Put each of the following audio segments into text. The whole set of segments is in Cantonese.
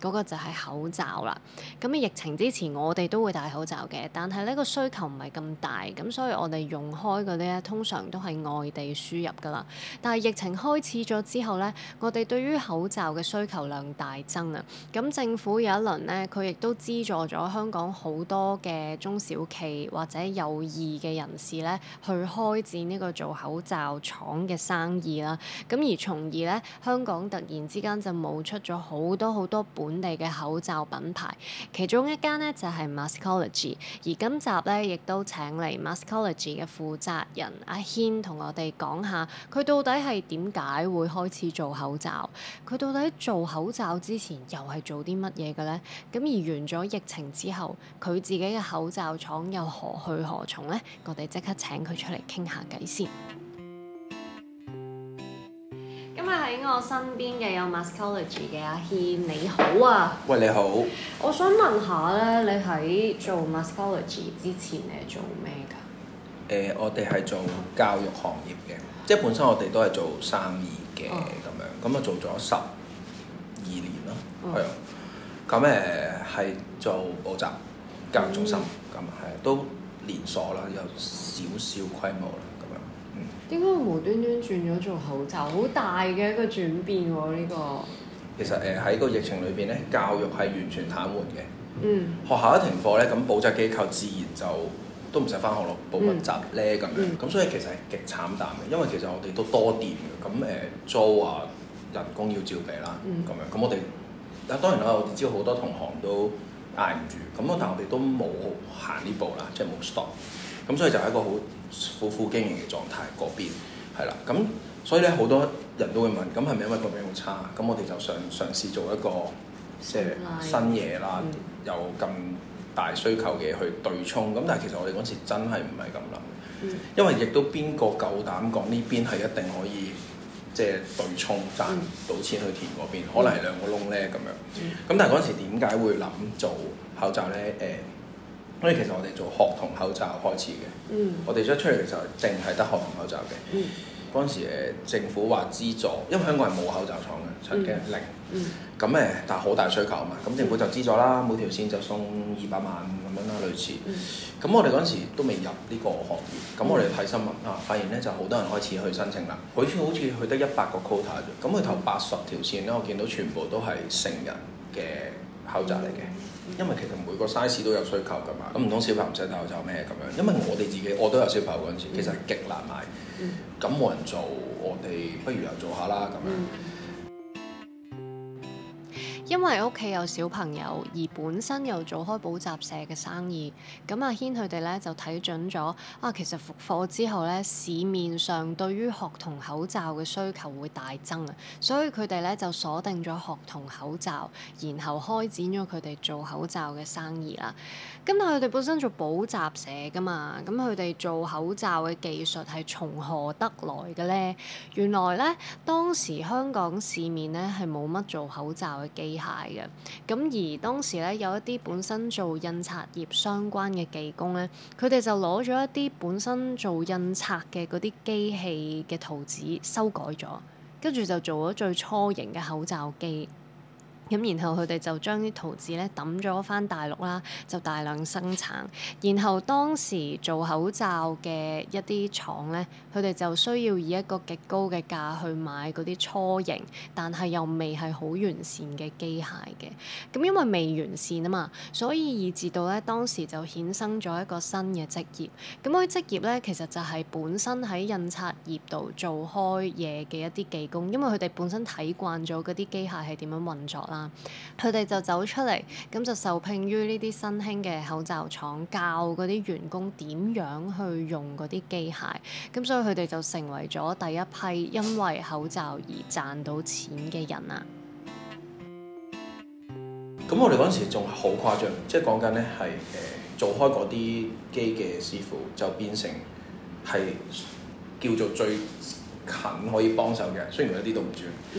嗰個就係口罩啦。咁疫情之前，我哋都會戴口罩嘅，但係呢個需求唔係咁大，咁所以我哋用開嗰啲咧，通常都係外地輸入噶啦。但係疫情開始咗之後咧，我哋對於口罩嘅需求量大增啊。咁政府有一輪咧，佢亦都資助咗香港好多嘅中小企或者有意嘅人士咧，去開展呢個做口罩廠嘅生意啦。咁而從而咧，香港突然之間就冒出咗好多好多本。本地嘅口罩品牌，其中一間呢就係 Maskology，而今集咧亦都請嚟 Maskology 嘅負責人阿軒同我哋講下佢到底係點解會開始做口罩？佢到底做口罩之前又係做啲乜嘢嘅咧？咁而完咗疫情之後，佢自己嘅口罩廠又何去何從咧？我哋即刻請佢出嚟傾下偈先。喺我身邊嘅有 Maskology 嘅阿軒，你好啊！喂，你好，我想問下咧，你喺做 Maskology 之前你係做咩噶？誒、呃，我哋係做教育行業嘅，即係本身我哋都係做生意嘅咁、哦、樣，咁啊做咗十二年咯，係啊、哦，咁誒係做補習教育中心咁，係、嗯、都連鎖啦，有少少規模啦。點解會無端端轉咗做口罩？好大嘅一個轉變喎、啊！呢、這個其實誒喺個疫情裏邊咧，教育係完全癱瘓嘅。嗯，學校一停課咧，咁補習機構自然就都唔使返學咯，補乜習咧咁樣。咁、嗯、所以其實係極慘淡嘅，因為其實我哋都多店嘅。咁誒租啊，人工要照俾啦，咁樣。咁、嗯、我哋啊當然啦，我知好多同行都捱唔住。咁啊，但係我哋都冇行呢步啦，即係冇 stop。咁所以就係一個好苦苦經營嘅狀態，嗰邊係啦。咁所以咧好多人都會問，咁係咪因為嗰邊好差？咁我哋就嘗嘗試做一個即係、就是、新嘢啦，嗯、有咁大需求嘅去對沖。咁但係其實我哋嗰陣時真係唔係咁諗，嗯、因為亦都邊個夠膽講呢邊係一定可以即係、就是、對沖賺到錢去填嗰邊？嗯、可能係兩個窿咧咁樣。咁、嗯、但係嗰陣時點解會諗做口罩咧？誒、欸。所以其實我哋做學童口罩開始嘅，嗯、我哋一出嚟嘅時候就係淨係得學童口罩嘅。嗰陣、嗯、時政府話資助，因為香港人冇口罩廠嘅，曾經、嗯、零。咁誒、嗯，但係好大需求啊嘛，咁、嗯、政府就資助啦，每條線就送二百萬咁樣啦，類似。咁、嗯、我哋嗰陣時都未入呢個行業，咁、嗯、我哋睇新聞啊，發現咧就好多人開始去申請啦。佢好似去得一百個 quota 啫，咁佢投八十條線咧，我見到全部都係成人嘅口罩嚟嘅，嗯、因為其實每個 size 都有需求㗎嘛，咁唔通小朋友唔使戴口罩咩咁樣，因為我哋自己我都有小朋友嗰陣時，嗯、其實係極難買，咁冇、嗯、人做，我哋不如又做下啦咁樣。嗯因為屋企有小朋友，而本身又做開補習社嘅生意，咁阿軒佢哋咧就睇準咗啊，其實復課之後咧，市面上對於學童口罩嘅需求會大增啊，所以佢哋咧就鎖定咗學童口罩，然後開展咗佢哋做口罩嘅生意啦。咁但佢哋本身做補習社㗎嘛，咁佢哋做口罩嘅技術係從何得來嘅咧？原來咧當時香港市面咧係冇乜做口罩嘅技術。鞋嘅，咁而當時咧，有一啲本身做印刷業相關嘅技工咧，佢哋就攞咗一啲本身做印刷嘅嗰啲機器嘅圖紙，修改咗，跟住就做咗最初型嘅口罩機。咁然後佢哋就將啲圖紙咧抌咗翻大陸啦，就大量生產。然後當時做口罩嘅一啲廠咧，佢哋就需要以一個極高嘅價去買嗰啲初型，但係又未係好完善嘅機械嘅。咁因為未完善啊嘛，所以以至到咧當時就衍生咗一個新嘅職業。咁嗰啲職業咧，其實就係本身喺印刷業度做開嘢嘅一啲技工，因為佢哋本身睇慣咗嗰啲機械係點樣運作啦。佢哋就走出嚟，咁就受聘於呢啲新興嘅口罩廠，教嗰啲員工點樣去用嗰啲機械，咁所以佢哋就成為咗第一批因為口罩而賺到錢嘅人啦！咁我哋嗰陣時仲好誇張，即係講緊呢係誒做開嗰啲機嘅師傅就變成係叫做最近可以幫手嘅，雖然一啲都唔轉。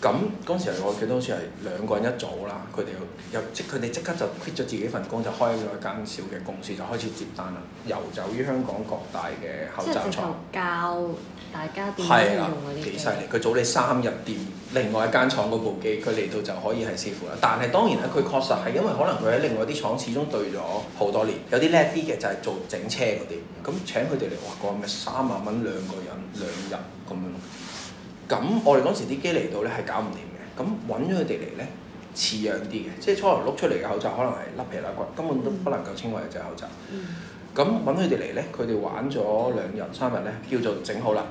咁嗰陣時嚟講，我記得好似係兩個人一組啦。佢哋又即佢哋即刻就 quit 咗自己份工，就開咗間小嘅公司，就開始接單啦。遊走於香港各大嘅口罩廠。教大家點係啦。幾犀利！佢早你三日店，另外一間廠嗰部機，佢嚟到就可以係師傅啦。但係當然咧，佢確實係因為可能佢喺另外啲廠始終對咗好多年，有啲叻啲嘅就係做整車嗰啲。咁請佢哋嚟話講咪三萬蚊兩個人兩，個人兩個日咁樣。咁我哋嗰時啲機嚟到呢係搞唔掂嘅，咁揾咗佢哋嚟呢似樣啲嘅，即係初頭碌出嚟嘅口罩可能係甩皮甩骨，根本都不能夠稱為一隻口罩。咁揾佢哋嚟呢，佢哋玩咗兩日三日呢，叫做整好啦。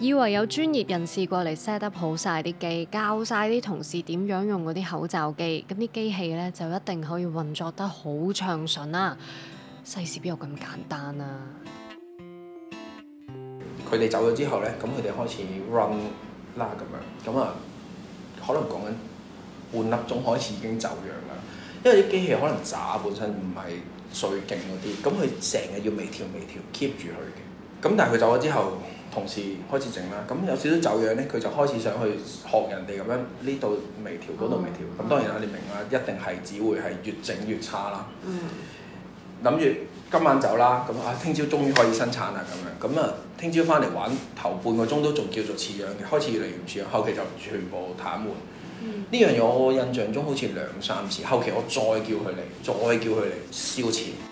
以為有專業人士過嚟 set up 好曬啲機，教曬啲同事點樣用嗰啲口罩機，咁啲機器呢就一定可以運作得好暢順啦。世事邊有咁簡單啊？佢哋走咗之後咧，咁佢哋開始 run 啦咁樣，咁啊可能講緊半粒鐘開始已經走樣啦，因為啲機器可能渣本身唔係最勁嗰啲，咁佢成日要微調微調 keep 住佢嘅，咁但係佢走咗之後，同事開始整啦，咁有少少走樣咧，佢就開始想去學人哋咁樣呢度微調嗰度微調，咁、嗯、當然啦你明啦，一定係只會係越整越差啦。嗯。諗住今晚走啦，咁啊聽朝終於可以生產啦咁樣，咁啊聽朝翻嚟玩頭半個鐘都仲叫做似樣嘅，開始越嚟越唔似樣，後期就全部癱瘓。呢、嗯、樣嘢我印象中好似兩三次，後期我再叫佢嚟，再叫佢嚟燒錢。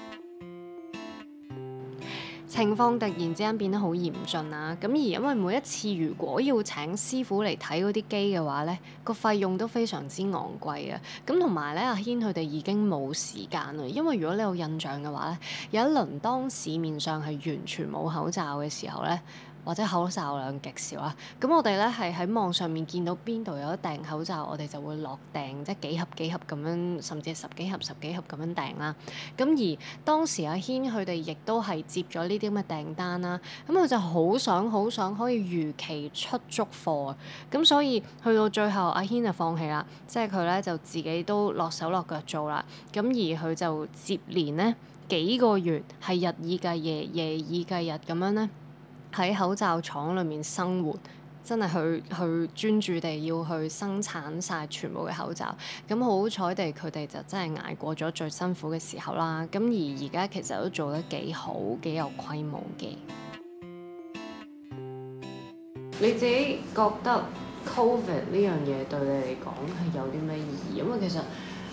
情況突然之間變得好嚴峻啦，咁而因為每一次如果要請師傅嚟睇嗰啲機嘅話，呢個費用都非常之昂貴啊。咁同埋呢，阿軒佢哋已經冇時間啦，因為如果你有印象嘅話呢，有一輪當市面上係完全冇口罩嘅時候呢。或者口罩量極少啊，咁我哋咧係喺網上面見到邊度有得訂口罩，我哋就會落訂，即係幾盒幾盒咁樣，甚至係十幾盒、十幾盒咁樣訂啦。咁而當時阿軒佢哋亦都係接咗呢啲咁嘅訂單啦，咁佢就好想好想可以如期出足貨啊，咁所以去到最後，阿軒就放棄啦，即係佢咧就自己都落手落腳做啦。咁而佢就接連咧幾個月係日以繼夜、夜以繼日咁樣咧。喺口罩廠裏面生活，真係去去專注地要去生產晒全部嘅口罩。咁好彩地，佢哋就真係捱過咗最辛苦嘅時候啦。咁而而家其實都做得幾好，幾有規模嘅。你自己覺得 Covid 呢樣嘢對你嚟講係有啲咩意義？因為其實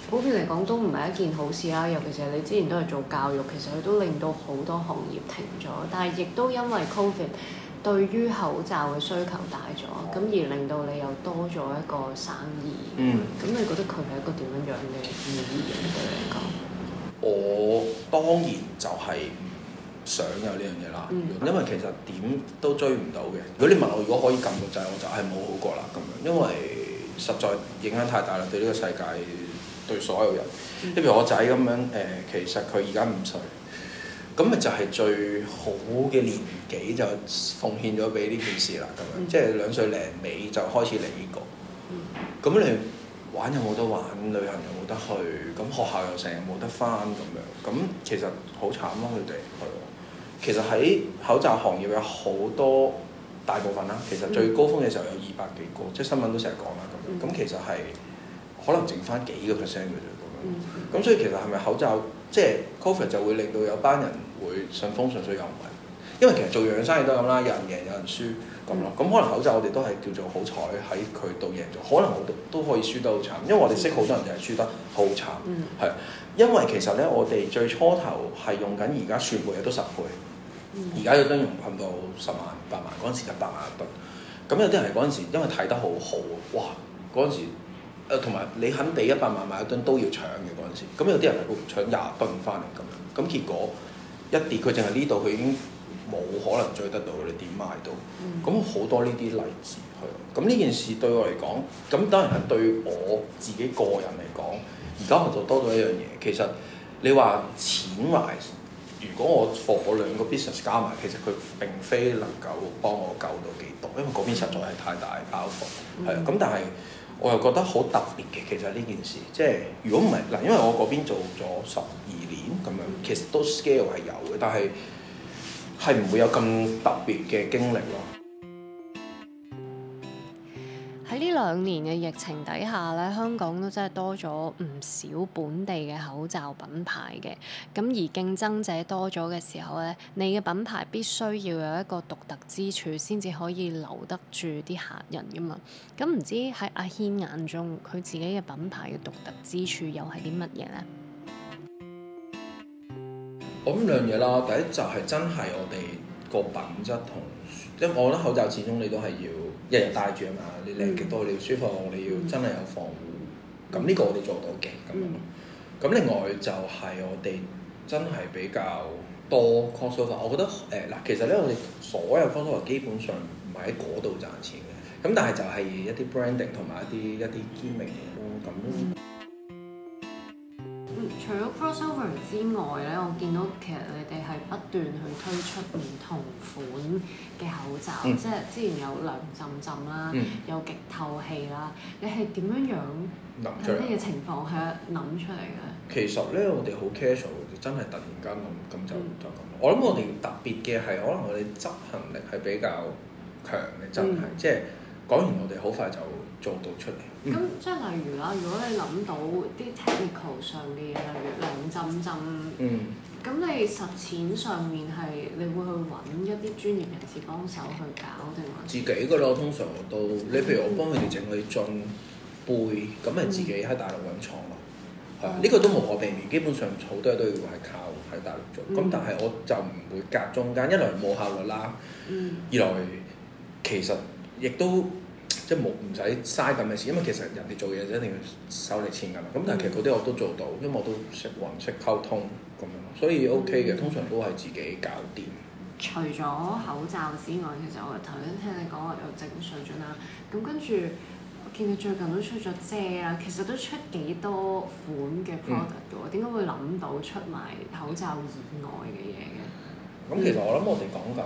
普遍嚟講都唔係一件好事啦，尤其是你之前都係做教育，其實佢都令到好多行業停咗，但係亦都因為 Covid 對於口罩嘅需求大咗，咁而令到你又多咗一個生意。嗯。咁你覺得佢係一個點樣樣嘅意義？對你嚟講，我當然就係唔想有呢樣嘢啦，嗯、因為其實點都追唔到嘅。如果你問我如果可以撳個掣，我就係冇好過啦咁樣，因為實在影響太大啦，對呢個世界。對所有人，即譬如我仔咁樣誒、呃，其實佢而家五歲，咁咪就係最好嘅年紀就奉獻咗俾呢件事啦。咁樣，即係 兩歲零尾就開始嚟呢、呢個。咁 你玩又冇得玩，旅行又冇得去，咁學校又成日冇得返咁樣。咁其實好慘咯，佢哋係其實喺口罩行業有好多大部分啦，其實最高峰嘅時候有二百幾個， 即係新聞都成日講啦。咁 其實係。可能剩翻幾個 percent 嘅啫，咁所以其實係咪口罩即係、就是、COVID 就會令到有班人會順風順水？又唔係，因為其實做樣生意都咁啦，有人贏有人輸咁咯。咁、嗯、可能口罩我哋都係叫做好彩喺佢度贏咗，可能我都都可以輸得好慘，因為我哋識好多人就係輸得好慘，係、嗯、因為其實咧我哋最初頭係用緊而家全部嘢都十倍，而家都得用噴到十萬八萬嗰陣時一百萬一噸，咁有啲人係嗰陣時因為睇得好好，哇嗰陣時。誒同埋你肯俾一百萬買一噸都要搶嘅嗰陣時，咁有啲人會搶廿噸翻嚟咁樣，咁結果一跌佢淨係呢度，佢已經冇可能追得到，你點賣到？咁好、嗯、多呢啲例子係。咁呢件事對我嚟講，咁當然係對於我自己個人嚟講，而家我就多咗一樣嘢。其實你話錢話，如果我貨兩個 business 加埋，其實佢並非能夠幫我救到幾多，因為嗰邊實在係太大包袱，係啊、嗯。咁但係。我又覺得好特別嘅，其實呢件事，即係如果唔係嗱，因為我嗰邊做咗十二年咁樣，其實都 scale 係有嘅，但係係唔會有咁特別嘅經歷咯。喺呢兩年嘅疫情底下咧，香港都真係多咗唔少本地嘅口罩品牌嘅。咁而競爭者多咗嘅時候咧，你嘅品牌必須要有一個獨特之處，先至可以留得住啲客人噶嘛。咁唔知喺阿軒眼中，佢自己嘅品牌嘅獨特之處又係啲乜嘢呢？咁兩樣嘢啦，第一就係真係我哋個品質同，即係我覺得口罩始終你都係要。一日戴住啊嘛，你靚幾多，多，你要舒服，你要真係有防護，咁呢個我哋做到嘅，咁樣。咁另外就係我哋真係比較多 cosplay 我覺得誒嗱、呃，其實咧我哋所有 cosplay 基本上唔係喺嗰度賺錢嘅，咁但係就係一啲 branding 同埋一啲一啲知名嘅咁。嗯除咗 crossover 之外咧，我見到其實你哋係不斷去推出唔同款嘅口罩，嗯、即係之前有涼浸浸啦，嗯、有極透氣啦。你係點樣樣？咁樣嘅情況係諗出嚟嘅。其實咧，我哋好 casual，真係突然間咁咁就就咁。嗯、我諗我哋特別嘅係，可能我哋執行力係比較強嘅，真係、嗯、即係講完我哋好快就。做到出嚟。咁、嗯、即係例如啦，如果你諗到啲 technical 上嘅嘢，例如兩陣陣、嗯，咁你實踐上面係你會去揾一啲專業人士幫手去搞定，定係自己噶咯，通常我都，你譬如我幫佢哋整嗰啲樽背，咁咪、嗯、自己喺大陸揾廠咯。係啊、嗯，呢個都無可避免，基本上好多嘢都要係靠喺大陸做。咁、嗯嗯、但係我就唔會隔中間，一來冇效率啦，嗯、二來其實亦都。即係冇唔使嘥咁嘅事，因為其實人哋做嘢就一定要收你錢㗎嘛。咁、嗯、但係其實嗰啲我都做到，因為我都識橫識溝通咁樣，所以 OK 嘅。嗯、通常都係自己搞掂。除咗口罩之外，其實我頭先聽你講有淨水樽啦，咁跟住我見你最近都出咗遮啦，其實都出幾多款嘅 product 㗎？點解、嗯、會諗到出埋口罩以外嘅嘢嘅？咁、嗯、其實我諗我哋講緊。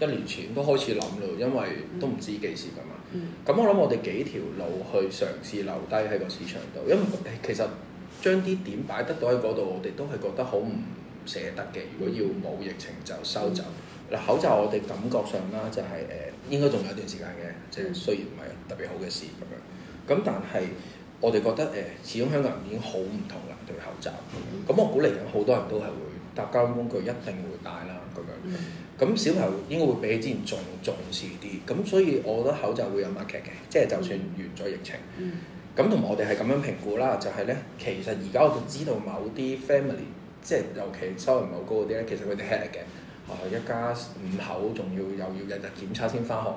一年前都開始諗咯，因為都唔知幾時㗎嘛。咁、嗯嗯、我諗我哋幾條路去嘗試留低喺個市場度，因為其實將啲點擺得到喺嗰度，我哋都係覺得好唔捨得嘅。如果要冇疫情就收走嗱、嗯、口罩，我哋感覺上啦就係、是、誒、呃、應該仲有一段時間嘅，即係雖然唔係特別好嘅事咁樣。咁但係我哋覺得誒、呃，始終香港人已經好唔同啦對口罩。咁、嗯、我估嚟緊好多人都係會搭交通工具一定會戴啦。咁樣，咁、嗯、小朋友應該會比之前仲重視啲，咁所以我覺得口罩會有 market 嘅，即、就、係、是、就算完咗疫情，咁同埋我哋係咁樣評估啦，就係、是、咧，其實而家我都知道某啲 family，即係尤其收入唔係好高嗰啲咧，其實佢哋 hit 嘅，啊、哦、一家五口仲要又要日日檢測先翻學。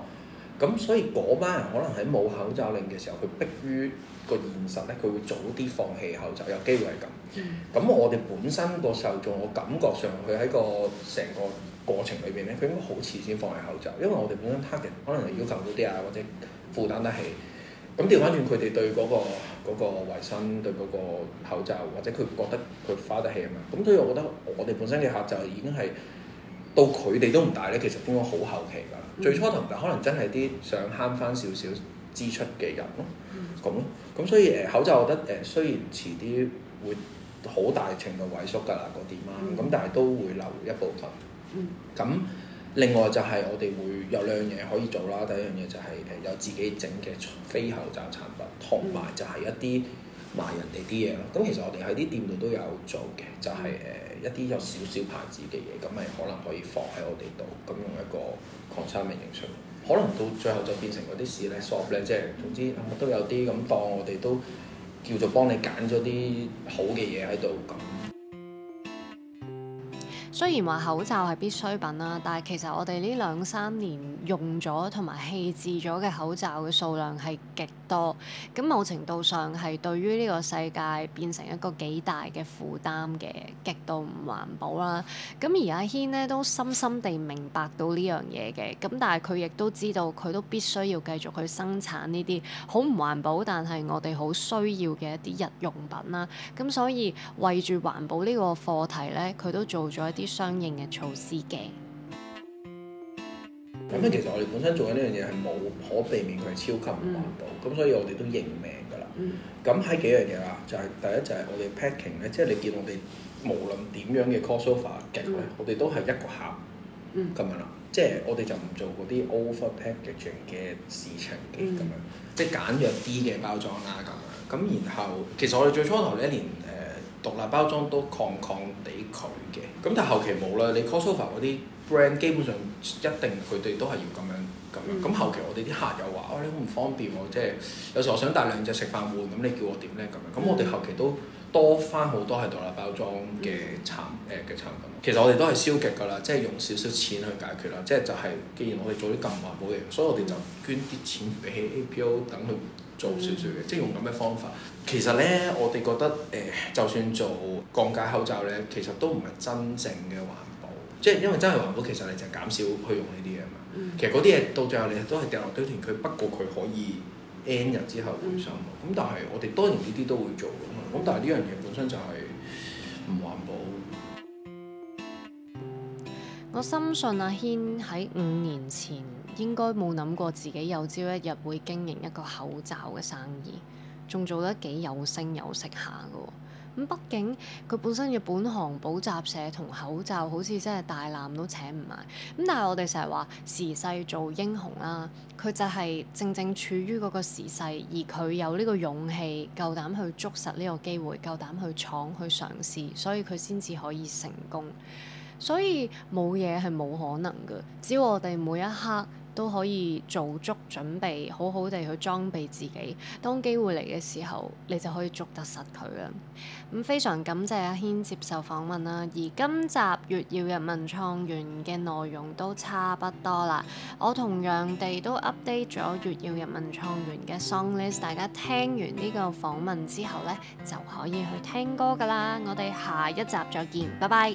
咁所以嗰班人可能喺冇口罩令嘅時候，佢迫於個現實咧，佢會早啲放棄口罩，有機會係咁。咁、嗯、我哋本身個受眾，我感覺上佢喺個成個過程裏邊咧，佢應該好遲先放棄口罩，因為我哋本身 target 可能係要求高啲啊，或者負擔得起。咁調翻轉佢哋對嗰個嗰個衞生、對嗰個口罩，或者佢覺得佢花得起啊嘛。咁所以我覺得我哋本身嘅客就已經係。到佢哋都唔大咧，其實應該好後期㗎。嗯、最初同埋可能真係啲想慳翻少少支出嘅人咯，咁咯、嗯，咁所以誒、呃、口罩，我覺得誒、呃、雖然遲啲會好大程度萎縮㗎啦嗰啲嘛，咁、嗯、但係都會留一部分。咁、嗯、另外就係我哋會有兩樣嘢可以做啦。第一樣嘢就係誒有自己整嘅非口罩產品，同埋、嗯、就係一啲。賣人哋啲嘢咯，咁其實我哋喺啲店度都有做嘅，就係、是、誒一啲有少少牌子嘅嘢，咁咪可能可以放喺我哋度，咁用一個抗差面型出，可能到最後就變成嗰啲事咧，shop 咧，即係總之，啊、都有啲咁當我哋都叫做幫你揀咗啲好嘅嘢喺度咁。雖然話口罩係必需品啦，但係其實我哋呢兩三年用咗同埋棄置咗嘅口罩嘅數量係極多，咁某程度上係對於呢個世界變成一個幾大嘅負擔嘅，極度唔環保啦。咁而阿軒呢都深深地明白到呢樣嘢嘅，咁但係佢亦都知道佢都必須要繼續去生產呢啲好唔環保但係我哋好需要嘅一啲日用品啦。咁所以為住環保呢個課題呢，佢都做咗一啲。相應嘅措施嘅。咁咧，其實我哋本身做緊呢樣嘢係冇可避免佢係超級唔環保，咁所以我哋都認命㗎啦。咁喺幾樣嘢啦，就係第一就係我哋 packing 咧，即係你見我哋無論點樣嘅 coso far 勁咧，我哋都係一個盒咁樣啦。即係我哋就唔做嗰啲 over packaging 嘅事情嘅咁樣，即係簡約啲嘅包裝啦咁樣。咁然後其實我哋最初頭呢一年。獨立包裝都抗抗地佢嘅，咁但係後期冇啦。你 c o s l v a 嗰啲 brand 基本上一定佢哋都係要咁樣咁樣。咁、mm hmm. 後期我哋啲客又話，哇、哦，你好唔方便喎、啊！即係有時候我想帶兩隻食飯換，咁你叫我點咧？咁樣，咁我哋後期都多翻好多係獨立包裝嘅產誒嘅產品。Mm hmm. 其實我哋都係消極㗎啦，即係用少少錢去解決啦。即係就係，既然我哋做啲咁環保嘅，所以我哋就捐啲錢俾 APO 等佢。做少少嘅，即係用咁嘅方法。嗯、其實咧，我哋覺得誒、呃、就算做降解口罩咧，其實都唔係真正嘅環保。即係因為真係環保，其實你就係減少去用呢啲嘢嘛。其實啲嘢到最後你都係掉落堆填區，不過佢可以 end 日，之後回收。咁、嗯、但係我哋當然呢啲都會做㗎嘛。咁但係呢樣嘢本身就係唔環保。我深信阿軒喺五年前應該冇諗過自己有朝一日會經營一個口罩嘅生意，仲做得幾有聲有色下㗎喎。咁畢竟佢本身嘅本行補習社同口罩好似真係大纜都請唔埋。咁但係我哋成日話時勢做英雄啦、啊，佢就係正正處於嗰個時勢，而佢有呢個勇氣、夠膽去捉實呢個機會、夠膽去闖去嘗試，所以佢先至可以成功。所以冇嘢係冇可能嘅，只要我哋每一刻都可以做足準備，好好地去裝備自己。當機會嚟嘅時候，你就可以捉得實佢啦。咁非常感謝阿軒接受訪問啦。而今集月曜日文創園嘅內容都差不多啦。我同樣地都 update 咗月曜日文創園嘅 song list，大家聽完呢個訪問之後呢，就可以去聽歌㗎喇。我哋下一集再見，拜拜。